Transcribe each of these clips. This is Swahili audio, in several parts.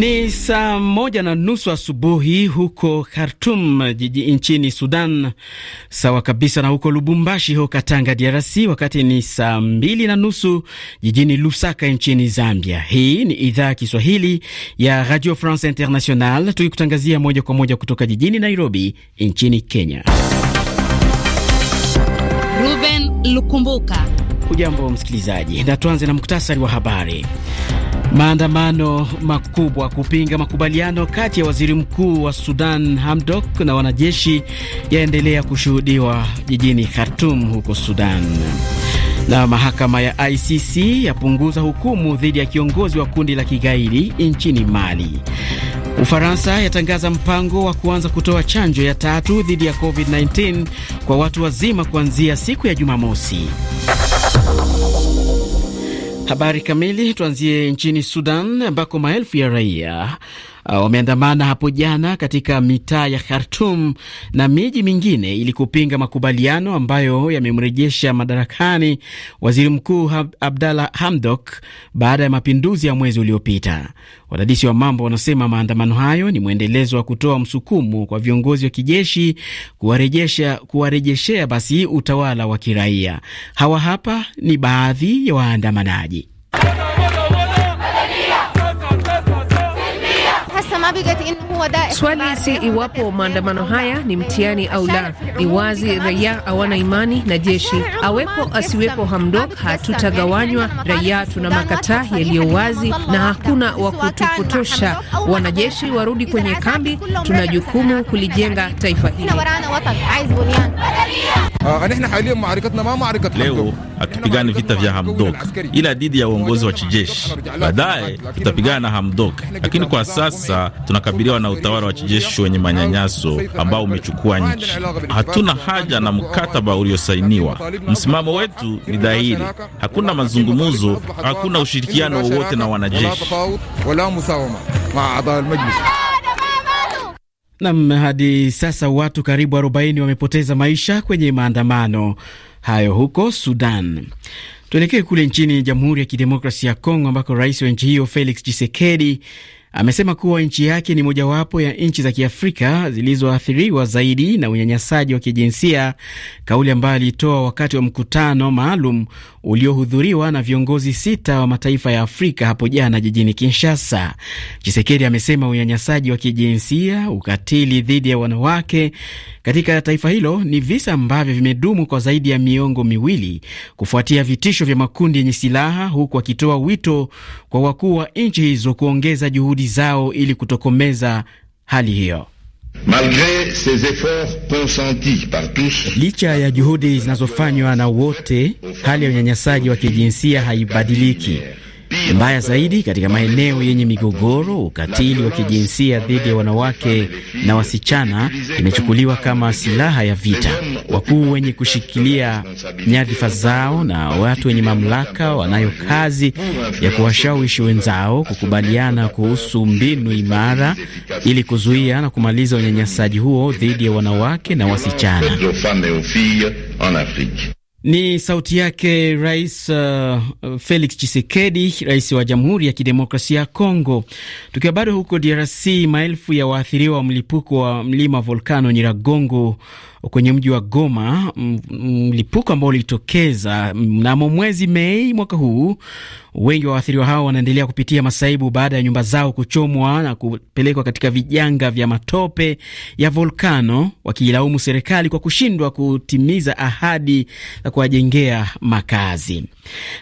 Ni saa moja na nusu asubuhi huko Khartum jiji nchini Sudan, sawa kabisa na huko Lubumbashi ho Katanga DRC. Wakati ni saa mbili na nusu jijini Lusaka nchini Zambia. Hii ni idhaa ya Kiswahili ya Radio France International, tukikutangazia moja kwa moja kutoka jijini Nairobi nchini Kenya. Ruben Lukumbuka. ujambo msikilizaji, na tuanze na muktasari wa habari. Maandamano makubwa kupinga makubaliano kati ya waziri mkuu wa Sudan Hamdok na wanajeshi yaendelea kushuhudiwa jijini khartum huko Sudan. Na mahakama ya ICC yapunguza hukumu dhidi ya kiongozi wa kundi la kigaidi nchini Mali. Ufaransa yatangaza mpango wa kuanza kutoa chanjo ya tatu dhidi ya COVID-19 kwa watu wazima kuanzia siku ya Jumamosi. Habari kamili tuanzie nchini Sudan ambako maelfu ya raia Ah, wameandamana hapo jana katika mitaa ya khartum na miji mingine ili kupinga makubaliano ambayo yamemrejesha madarakani waziri mkuu Abdalla Hamdok baada ya mapinduzi ya mwezi uliopita. Wadadisi wa mambo wanasema maandamano hayo ni mwendelezo wa kutoa msukumo kwa viongozi wa kijeshi kuwarejesha kuwarejeshea basi utawala wa kiraia. Hawa hapa ni baadhi ya waandamanaji. Swali si iwapo maandamano haya ni mtihani au la. Ni wazi raia hawana imani na jeshi. Awepo asiwepo Hamdok, hatutagawanywa. Raia tuna makataa yaliyo wazi na hakuna wa kutupotosha. Wanajeshi warudi kwenye kambi, tuna jukumu kulijenga taifa hili. Leo hatupigani vita vya Hamdok ila dhidi ya uongozi wa kijeshi. Baadaye tutapigana na Hamdok, lakini kwa sasa tunakabiliwa na utawala wa kijeshi wenye manyanyaso ambao umechukua nchi. Hatuna haja na mkataba uliosainiwa. Msimamo wetu ni dhahiri: hakuna mazungumzo, hakuna ushirikiano wowote na wanajeshi. Nam, hadi sasa watu karibu 40 wamepoteza maisha kwenye maandamano hayo huko Sudan. Tuelekee kule nchini Jamhuri ya Kidemokrasia ya Kongo ambako rais wa nchi hiyo Felix Tshisekedi amesema kuwa nchi yake ni mojawapo ya nchi za Kiafrika zilizoathiriwa zaidi na unyanyasaji wa kijinsia, kauli ambayo alitoa wakati wa mkutano maalum uliohudhuriwa na viongozi sita wa mataifa ya Afrika hapo jana jijini Kinshasa. Chisekedi amesema unyanyasaji wa kijinsia, ukatili dhidi ya wanawake katika taifa hilo ni visa ambavyo vimedumu kwa zaidi ya miongo miwili kufuatia vitisho vya makundi yenye silaha, huku akitoa wito kwa wakuu wa nchi hizo kuongeza juhudi zao ili kutokomeza hali hiyo. Licha ya juhudi zinazofanywa na wote, hali ya unyanyasaji wa kijinsia haibadiliki. Mbaya zaidi katika maeneo yenye migogoro, ukatili wa kijinsia dhidi ya wanawake na wasichana imechukuliwa kama silaha ya vita. Wakuu wenye kushikilia nyadhifa zao na watu wenye mamlaka wanayo kazi ya kuwashawishi wenzao kukubaliana kuhusu mbinu imara ili kuzuia na kumaliza unyanyasaji huo dhidi ya wanawake na wasichana. Ni sauti yake Rais uh, Felix chisekedi rais wa Jamhuri ya Kidemokrasia ya Kongo. Tukiwa bado huko DRC, maelfu ya waathiriwa wa mlipuko wa mlima volkano Nyiragongo kwenye mji wa Goma, mlipuko ambao ulitokeza mnamo mwezi Mei mwaka huu. Wengi wa waathiriwa hao wanaendelea kupitia masaibu baada ya nyumba zao kuchomwa na kupelekwa katika vijanga vya matope ya volkano, wakiilaumu serikali kwa kushindwa kutimiza ahadi za kuwajengea makazi.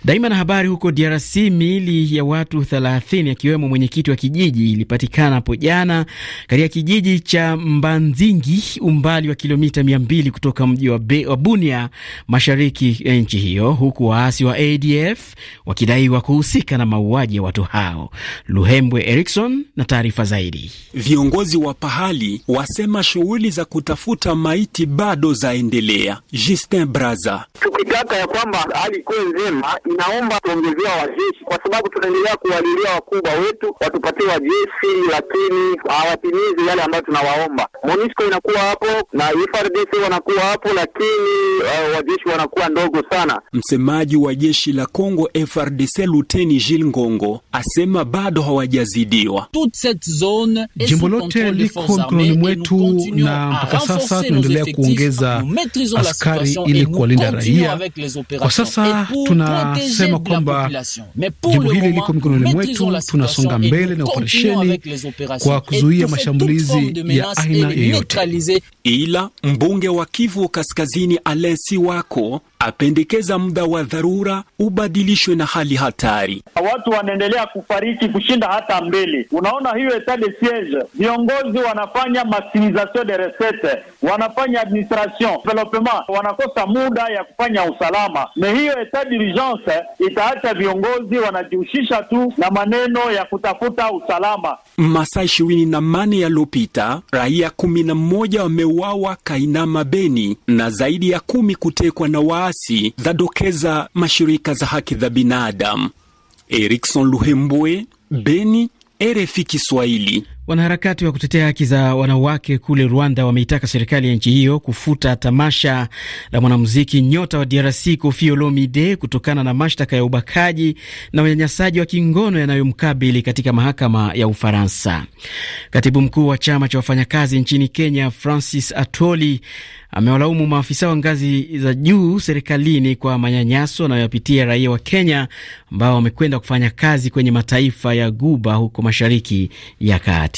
Daima na habari huko DRC, miili ya watu 30 akiwemo mwenyekiti wa kijiji ilipatikana hapo jana katika kijiji cha Mbanzingi, umbali wa kilomita mia mbili kutoka mji wa Bunia mashariki ya nchi hiyo, huku waasi wa ADF wakidaiwa kuhusika na mauaji ya watu hao. Luhembwe Erikson na taarifa zaidi. Viongozi wa pahali wasema shughuli za kutafuta maiti bado zaendelea. Justin Braza: tukitaka ya kwamba hali kuwe njema, inaomba kuongezewa wajeshi, kwa sababu tunaendelea kuwalilia wakubwa wetu watupatie wajeshi, lakini hawatimizi yale ambayo tunawaomba. MONUSCO inakuwa hapo na FARDC wanajeshi wanakuwa hapo, lakini uh, wajeshi wanakuwa ndogo sana. Msemaji wa jeshi la Kongo FRDC Luteni Jil Ngongo asema bado hawajazidiwa. Jimbo lote liko mikononi mwetu, na mpaka sasa tunaendelea kuongeza askari ili kuwalinda raia. Kwa sasa tunasema kwamba jimbo hili liko mikononi mwetu, tunasonga mbele na operesheni kwa kuzuia mashambulizi ya aina yoyote, ila mbu mbunge wa Kivu Kaskazini Alesi Wako apendekeza muda wa dharura ubadilishwe na hali hatari. Watu wanaendelea kufariki kushinda hata mbele. Unaona hiyo etat de siege, viongozi wanafanya maximisation de recette, wanafanya administration development, wanakosa muda ya kufanya usalama. Na hiyo etat d'urgence itaacha viongozi wanajihusisha tu na maneno ya kutafuta usalama. Masaa ishirini na mane yaliyopita raia kumi na mmoja wameuawa Kainama Beni na zaidi ya kumi kutekwa na waa risasi zadokeza mashirika za haki za binadamu. Erikson Luhembwe, Beni, RFI Kiswahili. Wanaharakati wa kutetea haki za wanawake kule Rwanda wameitaka serikali ya nchi hiyo kufuta tamasha la mwanamuziki nyota wa DRC Koffi Olomide kutokana na mashtaka ya ubakaji na unyanyasaji wa kingono yanayomkabili katika mahakama ya Ufaransa. Katibu mkuu wa chama cha wafanyakazi nchini Kenya Francis Atoli amewalaumu maafisa wa ngazi za juu serikalini kwa manyanyaso anayoyapitia raia wa Kenya ambao wamekwenda kufanya kazi kwenye mataifa ya Guba huko Mashariki ya Kati.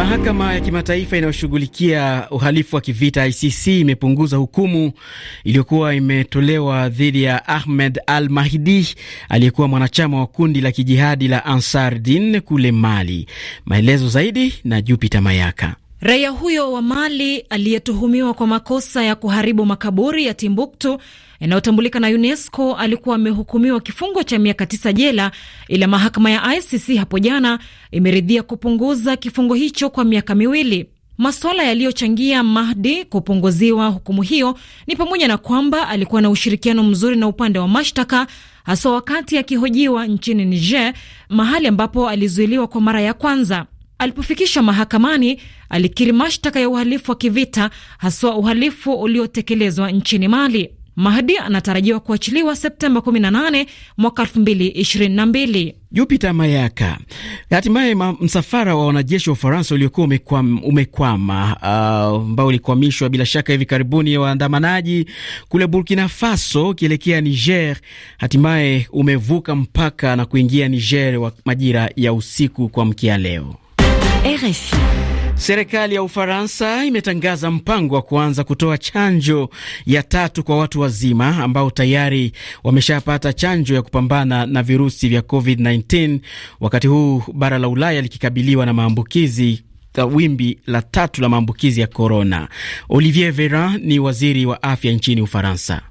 Mahakama ya kimataifa inayoshughulikia uhalifu wa kivita ICC imepunguza hukumu iliyokuwa imetolewa dhidi ya Ahmed Al Mahdi aliyekuwa mwanachama wa kundi la kijihadi la Ansar Din kule Mali. Maelezo zaidi na Jupiter Mayaka. Raia huyo wa Mali aliyetuhumiwa kwa makosa ya kuharibu makaburi ya Timbuktu yanayotambulika na UNESCO alikuwa amehukumiwa kifungo cha miaka tisa jela, ila mahakama ya ICC hapo jana imeridhia kupunguza kifungo hicho kwa miaka miwili. Masuala yaliyochangia Mahdi kupunguziwa hukumu hiyo ni pamoja na kwamba alikuwa na ushirikiano mzuri na upande wa mashtaka, haswa wakati akihojiwa nchini Niger, mahali ambapo alizuiliwa kwa mara ya kwanza. Alipofikishwa mahakamani, alikiri mashtaka ya uhalifu wa kivita, haswa uhalifu uliotekelezwa nchini Mali. Mahdi anatarajiwa kuachiliwa Septemba 18 mwaka 2022. Jupita Mayaka. Hatimaye msafara wa wanajeshi wa Ufaransa uliokuwa umekwama uh, ambao uh, ulikwamishwa bila shaka hivi karibuni waandamanaji kule Burkina Faso ukielekea Niger, hatimaye umevuka mpaka na kuingia Niger wa majira ya usiku kwa mkia leo. RFI. Serikali ya Ufaransa imetangaza mpango wa kuanza kutoa chanjo ya tatu kwa watu wazima ambao tayari wameshapata chanjo ya kupambana na virusi vya COVID-19 wakati huu bara la Ulaya likikabiliwa na maambukizi wimbi la tatu la maambukizi ya korona. Olivier Veran ni waziri wa afya nchini Ufaransa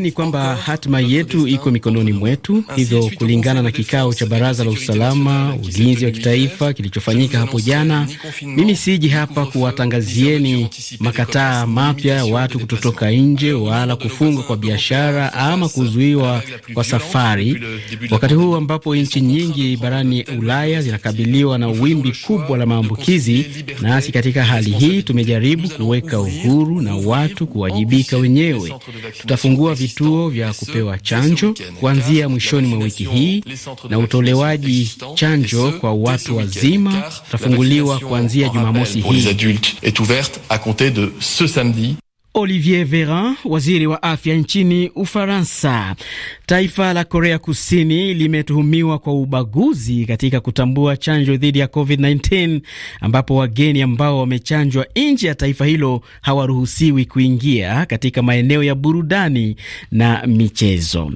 ni kwamba hatima yetu iko mikononi mwetu. Hivyo, kulingana na kikao cha baraza la usalama ulinzi wa kitaifa kilichofanyika hapo jana, mimi siji hapa kuwatangazieni makataa mapya ya watu kutotoka nje wala kufungwa kwa biashara ama kuzuiwa kwa safari, wakati huu ambapo nchi nyingi barani Ulaya zinakabiliwa na wimbi kubwa la maambukizi. Nasi katika hali hii tumejaribu kuweka uhuru na watu kuwajibu kuwajibika wenyewe. Tutafungua vituo vya kupewa chanjo kuanzia mwishoni mwa wiki hii na utolewaji chanjo kwa watu wazima utafunguliwa kuanzia Jumamosi hii. Olivier Veran, waziri wa afya nchini Ufaransa. Taifa la Korea Kusini limetuhumiwa kwa ubaguzi katika kutambua chanjo dhidi ya COVID-19 ambapo wageni ambao wamechanjwa nje ya taifa hilo hawaruhusiwi kuingia katika maeneo ya burudani na michezo.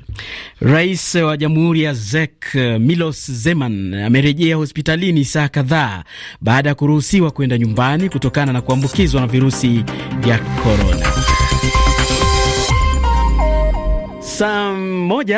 Rais wa Jamhuri ya Czech Milos Zeman amerejea hospitalini saa kadhaa baada ya kuruhusiwa kwenda nyumbani kutokana na kuambukizwa na virusi vya korona. Saa moja